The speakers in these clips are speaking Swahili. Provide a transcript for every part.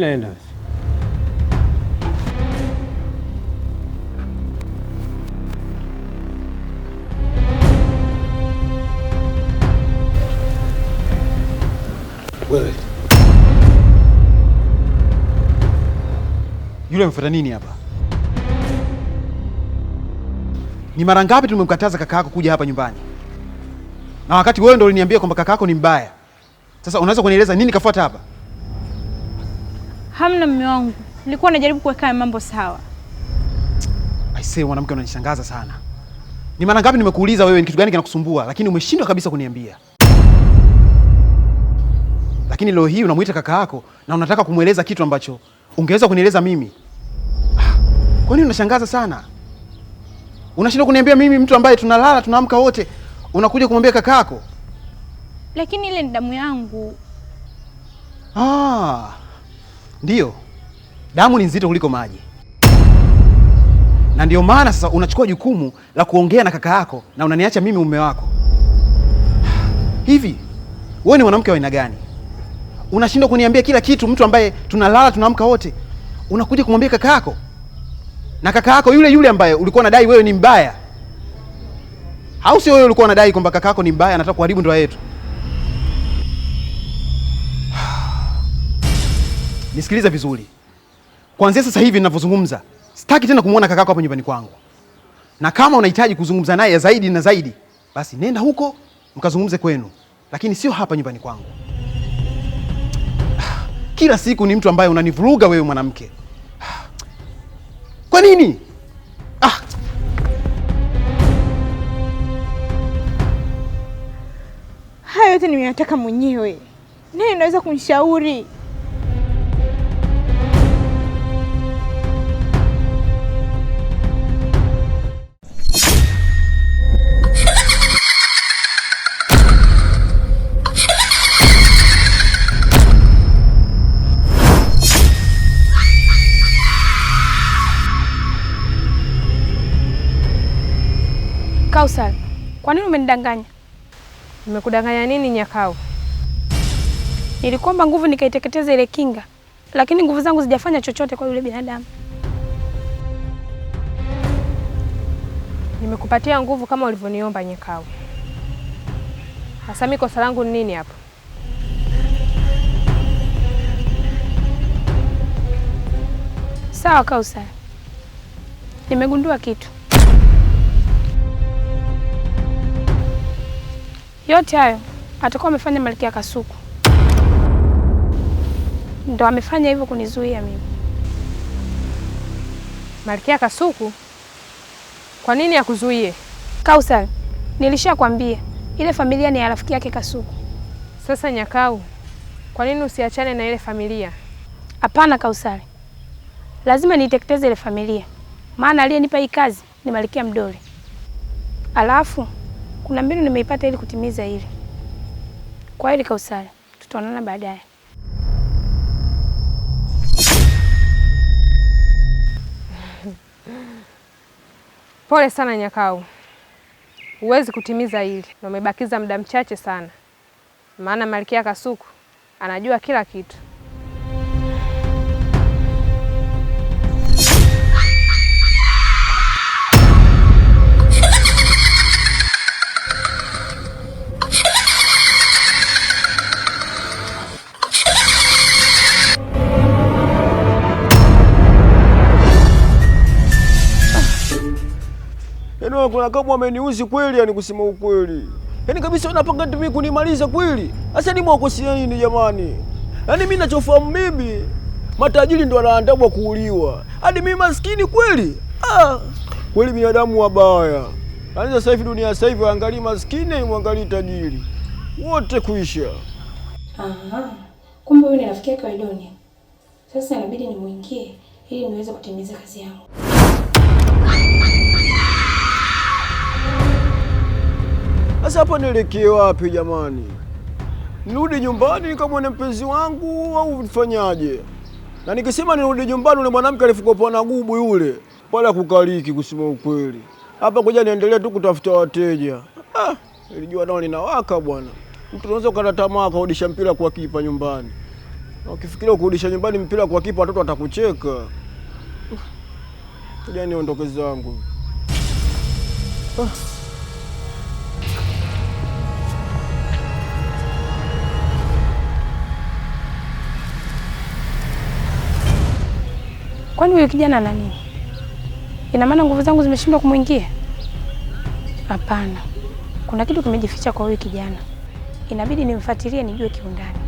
mi naenda basi. Wewe yule amfuata nini hapa? Ni mara ngapi tumemkataza kaka yako kuja hapa nyumbani, na wakati wewe ndio uliniambia kwamba kaka yako ni mbaya. Sasa unaweza kunieleza nini kafuata hapa? Hamna mume wangu, nilikuwa najaribu kuweka mambo sawa. Aisee, mwanamke unanishangaza sana. Ni mara ngapi nimekuuliza wewe ni kitu gani kinakusumbua, lakini umeshindwa kabisa kuniambia. Lakini leo hii unamuita kaka yako na unataka kumweleza kitu ambacho ungeweza kunieleza mimi. Ah, Kwa nini unashangaza sana? Unashindwa kuniambia mimi, mtu ambaye tunalala tunaamka wote, unakuja kumwambia kaka yako? Lakini ile ni damu yangu. Ah. Ndiyo, damu ni nzito kuliko maji, na ndio maana sasa unachukua jukumu la kuongea na kaka yako na unaniacha mimi mume wako. Hivi wewe ni mwanamke wa aina gani? Unashindwa kuniambia kila kitu, mtu ambaye tunalala tunaamka wote, unakuja kumwambia kaka yako, na kaka yako yule yule ambaye ulikuwa unadai wewe ni mbaya, au sio? Wewe ulikuwa unadai kwamba kaka yako ni mbaya, anataka kuharibu ndoa yetu. nisikilize vizuri. Kuanzia sasa hivi ninavyozungumza, sitaki tena kumwona kakako hapo nyumbani kwangu, na kama unahitaji kuzungumza naye zaidi na zaidi, basi nenda huko mkazungumze kwenu, lakini sio hapa nyumbani kwangu. Kila siku ni mtu ambaye unanivuruga wewe, mwanamke. Kwa nini? Ah. Hayo yote nimeyataka mwenyewe, nani naweza kunishauri? Kausar, kwa nini umenidanganya? Nimekudanganya nini Nyakao? Nilikuomba nguvu nikaiteketeza ile kinga, lakini nguvu zangu zijafanya chochote kwa yule binadamu. Nimekupatia nguvu kama ulivyoniomba Nyakao. Hasa mimi kosa langu ni nini hapo? Sawa Kausar, nimegundua kitu Yote hayo atakuwa amefanya Malkia Kasuku, ndo amefanya hivyo kunizuia mimi. Malkia Kasuku? Kwa nini akuzuie? Kausal, nilishakwambia ile familia ni ya rafiki yake Kasuku. Sasa Nyakau, kwa nini usiachane na ile familia? Hapana kausari lazima niiteketeze ile familia, maana aliyenipa hii kazi ni Malkia Mdoli. Alafu kuna mbinu nimeipata ili kutimiza hili. Kwa hili Kausala, tutaonana baadaye. Pole sana Nyakau, huwezi kutimiza hili na umebakiza muda mchache sana, maana Malkia Kasuku anajua kila kitu. kuna kabu ameniuzi kweli, yani kusema ukweli, yani kabisa wanapanga TV kunimaliza kweli. Sasa ni mwakosia nini jamani? Yani mimi ninachofahamu mimi, matajiri ndo wanaandabwa kuuliwa, hadi mimi maskini kweli? Ah, kweli binadamu wabaya. Yani sasa hivi dunia, sasa hivi waangalie maskini, mwangalie tajiri, wote kuisha. Aha, kumbe huyu ni rafiki yako Idoni. Sasa inabidi nimwingie ili niweze kutimiza kazi yangu. Sasa hapa nielekee wapi jamani? Nirudi nyumbani nikamwone mpenzi wangu au nifanyaje? Na nikisema nirudi nyumbani, yule mwanamke alifukopa na gubu yule pale akukaliki, kusema ukweli. Hapa kuja niendelee tu kutafuta wateja. Ah, nilijua nao linawaka bwana. Mtu unaweza ukata tamaa kurudisha mpira kwa kipa nyumbani. Na ukifikiria kurudisha nyumbani mpira kwa kipa, watoto watakucheka. Kuja niondoke zangu. Ah. Kwani huyu kijana ana nini? Ina maana nguvu zangu zimeshindwa kumwingia? Hapana, kuna kitu kimejificha kwa huyu kijana, inabidi nimfuatilie nijue kiundani.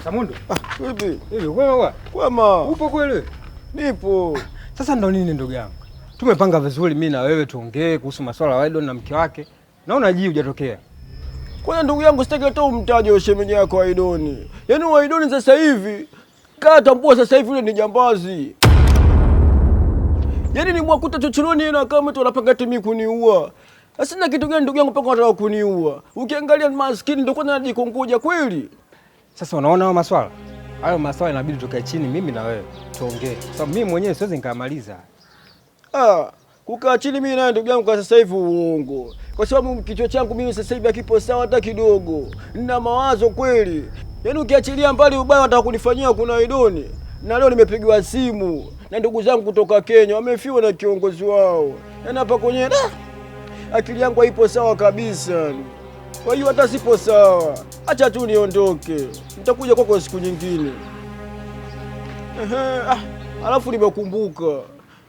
Samundo. Ah, vipi? Hivi kwema kwa? Kwema. Upo kweli? Nipo. Sasa ndo nini ndugu yangu? Tumepanga vizuri mimi na wewe tuongee kuhusu masuala ya Aidon na mke wake. Naona jii hujatokea. Kwani ndugu yangu sitaki hata umtaje wa shemeji yako Aidon. Yaani Aidon sasa hivi kaa tambua sasa hivi yule ni jambazi. Yaani ni mwakuta chochoroni na kama mtu anapanga timi kuniua. Sasa na kitu gani ndugu yangu mpaka anataka kuniua? Ukiangalia maskini ndio kwanza anajikongoja kweli. Sasa unaona hayo maswala hayo maswala, inabidi tukae chini, mimi na wewe tuongee, kwa sababu mimi mwenyewe siwezi nikamaliza. Ah, kukaa chini mimi na ndugu yangu kwa sasa hivi uongo, kwa sababu kichwa changu mimi sasa hivi hakipo sawa hata kidogo. Nina mawazo kweli, yaani ukiachilia mbali ubaya wataka kunifanyia kuna idoni, na leo nimepigiwa simu na ndugu zangu kutoka Kenya, wamefiwa na kiongozi wao, yaani hapa kwenye ah, akili yangu haipo sawa kabisa. Kwa hiyo hata sipo sawa, acha tu niondoke, nitakuja kwako siku nyingine. Ehe, ah, alafu nimekumbuka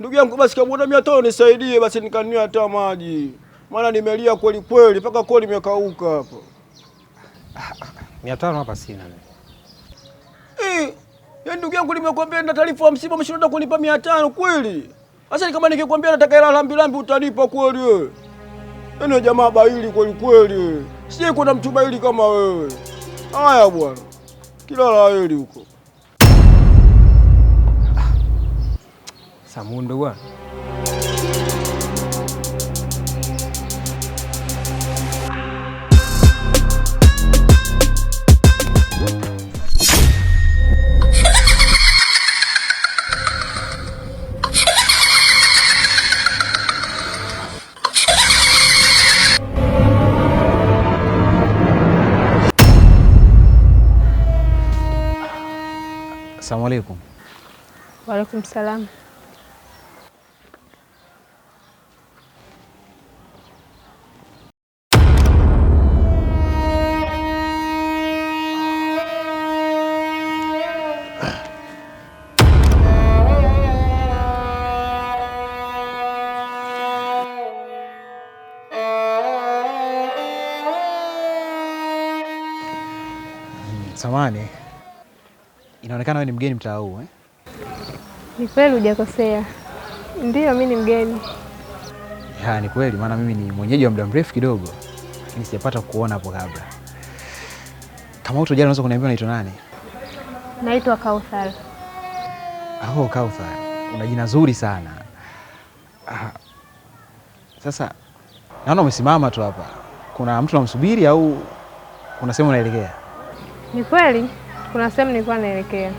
ndugu yangu, basi kamwona mia tano nisaidie basi nikanunue hata maji, maana nimelia kweli kweli mpaka koo limekauka hapa. Mia tano hapa sina eh. Yaani ndugu yangu, nimekwambia na taarifa ya msiba mshindo kunipa mia tano kweli? Sasa kama nikikwambia nataka hela lambi lambi utanipa kweli wewe? Yaani jamaa baili kweli kweli. Sije kuna mtu baili kama wewe. Haya bwana. Kila la heri huko. Samundo bwana. Asalamu alaykum. Wa alaykum salam. Samani. Inaonekana wewe ni mgeni mtaa huu eh? Ni kweli hujakosea. ndio mi ni mgeni. Ya, ni kweli maana mimi ni mwenyeji wa muda mrefu kidogo, lakini sijapata kuona hapo kabla. Kama jana, unaweza kuniambia unaitwa nani? Naitwa Kauthar. Oh, Kauthar, una jina zuri sana. Ah, sasa naona umesimama tu hapa, kuna mtu namsubiri au kuna sehemu unaelekea? Ni kweli kuna sehemu nilikuwa naelekea,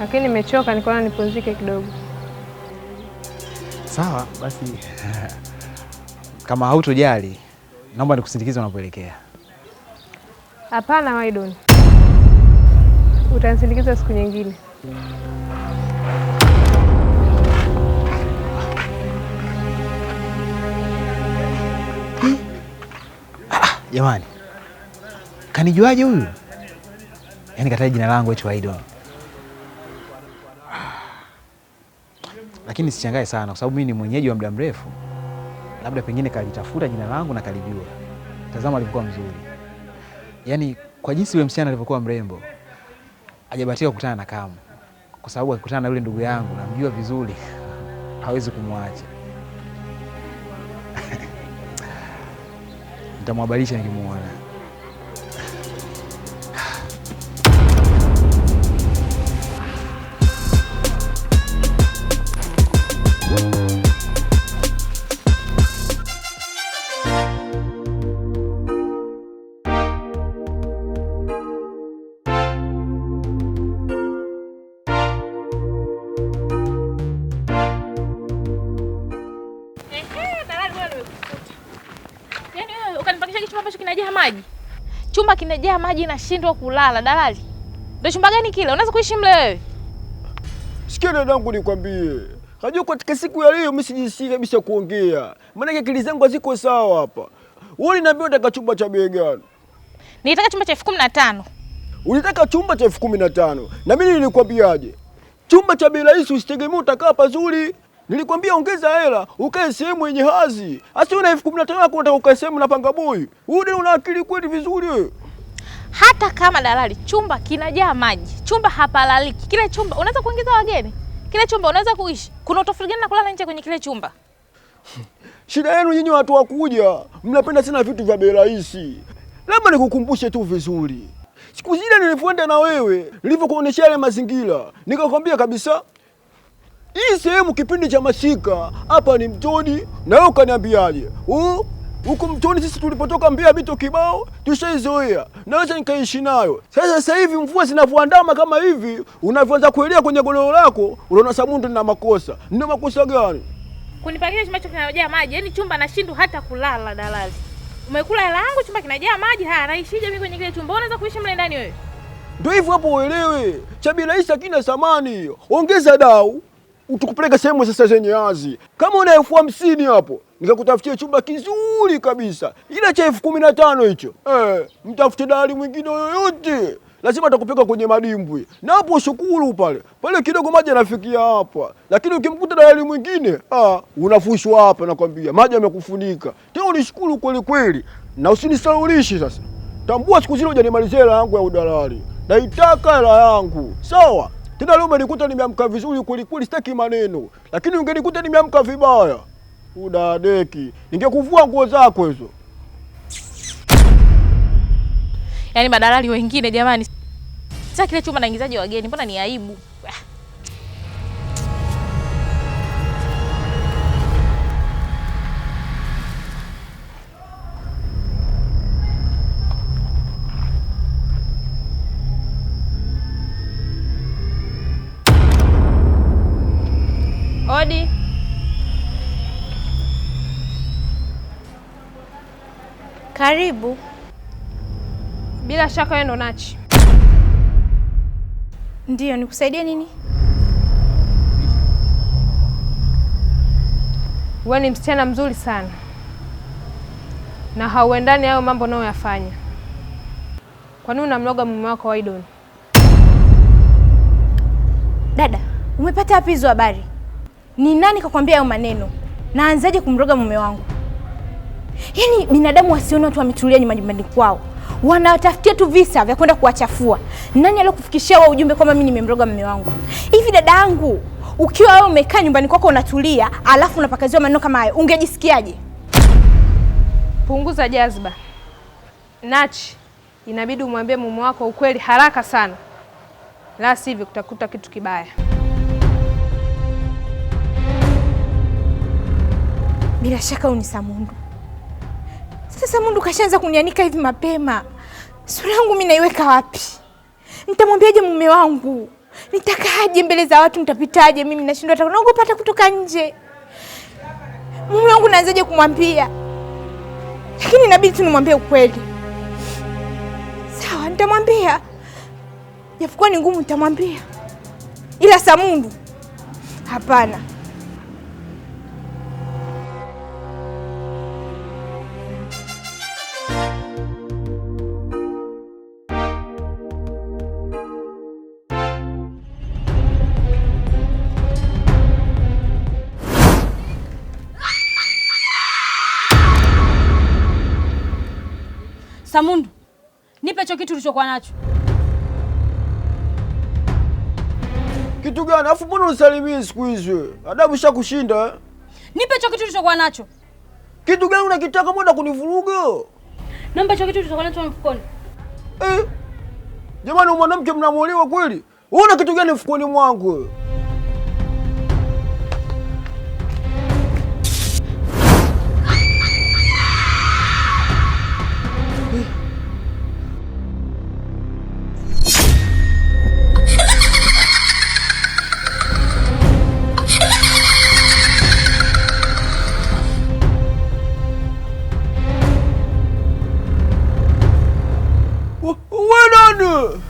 lakini nimechoka, nikaona nipumzike kidogo. Sawa basi kama hautojali, naomba nikusindikize unapoelekea. Hapana waidon utanisindikiza siku nyingine. Hmm? Ah, ah, jamani, kanijuaje huyu? yani kataja jina langu eti idol. Lakini sichangae sana kwa sababu mimi ni mwenyeji wa muda mrefu, labda pengine kalitafuta jina langu na kalijua. Tazama alivyokuwa mzuri, yaani kwa jinsi yule msichana alivyokuwa mrembo, ajabatika kukutana na Kamu kwa sababu akikutana na yule ndugu yangu, namjua vizuri, hawezi kumwacha nitamwhabarisha nikimuona. imejaa maji nashindwa kulala. Dalali, ndo chumba gani kile? Unaweza kuishi mle wewe? Sikia dadangu, nikwambie, hajua katika siku ya leo mimi sijisikii kabisa kuongea, maanake akili zangu haziko sawa hapa. Wewe uliniambia unataka chumba cha bei gani? Nilitaka chumba cha elfu kumi na tano. Ulitaka chumba cha elfu kumi na tano na mimi nilikwambiaje? Chumba cha bei rahisi, usitegemee utakaa pazuri. Nilikwambia ongeza hela ukae sehemu yenye hazi, asi una elfu kumi na tano unataka ukae sehemu na panga boy. Wewe una akili kweli vizuri wewe? hata kama dalali, chumba kinajaa maji, chumba hapalaliki. Kile chumba unaweza kuingiza wageni, kile chumba unaweza kuishi. Kuna utofauti gani na kulala nje kwenye kile chumba? Shida yenu nyinyi watu wakuja, mnapenda sana vitu vya bei rahisi. Labda nikukumbushe tu vizuri, siku zile nilifuenda na wewe, nilivyokuonyesha yale mazingira, nikakwambia kabisa hii sehemu kipindi cha masika hapa ni mtoni, na wewe ukaniambiaje? huko mtoni. Sisi tulipotoka mbia mito kibao tushaizoea, naweza nikaishi nayo. Sasa sasa hivi mvua zinavyoandama kama hivi, unavyoanza kuelea kwenye goloro lako, unaona sabuni na makosa. Ndio makosa gani? Kunipakia chumba kinajaa maji, yaani chumba nashindwa hata kulala. Dalali, umekula hela yangu, chumba kinajaa maji. Haya, naishije mimi kwenye kile chumba? Unaweza kuishi mle ndani wewe? Ndio hivyo hapo, uelewe. Cha bila hisa kina samani, ongeza dau tukupeleke sehemu sasa zenye azi. Kama una elfu hamsini hapo, nikakutafutia chumba kizuri kabisa, ila cha elfu kumi na tano hicho. Eh, mtafute dalali mwingine yoyote, lazima atakupeka kwenye madimbwi, na hapo shukuru pale pale kidogo maji anafikia hapa, lakini ukimkuta dalali mwingine ah, unafushwa hapa, nakwambia maji yamekufunika Tena unishukuru kweli kweli na usinisaulishi sasa. Tambua siku zile hujanimalizia hela yangu ya udalali, naitaka hela yangu sawa. Tena leo umenikuta nimeamka vizuri kweli kweli, sitaki maneno, lakini ungenikuta nimeamka vibaya, udadeki, ningekuvua nguo zako hizo. Yaani madalali wengine jamani, sasa kile chuma naingizaje wageni? Mbona ni aibu? Karibu. Bila shaka wewe ndo Nachi? Ndiyo, nikusaidie nini? Wewe ni msichana mzuri sana na hauendani hayo mambo unayoyafanya. Kwa nini unamloga mume wako Aidon? Dada, umepata wapi hizo habari? Ni nani kakwambia hayo maneno? Naanzaje kumroga mume wangu? Yaani binadamu wasione watu wametulia nyumbani kwao, wanatafutia tu visa vya kwenda kuwachafua. Nani aliokufikishia wewe ujumbe kwamba mimi nimemroga mume wangu? Hivi dada yangu, ukiwa wewe umekaa nyumbani kwako unatulia, alafu unapakaziwa maneno kama hayo, ungejisikiaje? Punguza jazba Nachi, inabidi umwambie mume wako ukweli haraka sana, la sivyo kutakuta kitu kibaya. Bila shaka unisamundu sasa Mundu kashaanza kunianika hivi mapema, sura yangu mimi naiweka wapi? Nitamwambiaje mume wangu? Nitakaaje mbele za watu? Nitapitaje? Mimi nashindwa, hata naogopa hata kutoka nje. Mume wangu naanzaje kumwambia? Lakini inabidi tu nimwambie ukweli. Sawa, nitamwambia japokuwa ni ngumu, nitamwambia. Ila Samundu, hapana. mundu nipe hicho kitu ulichokuwa nacho. Kitu gani? Afu mbona unisalimii siku hizi? Adabu shakushinda. Eh? Nipe hicho kitu ulichokuwa nacho. Kitu gani unakitaka mbona kunivuruga? Naomba hicho kitu ulichokuwa nacho mfukoni. Eh. Jamani, mwanamke mnamuolewa kweli? Una kitu gani mfukoni mwangu? る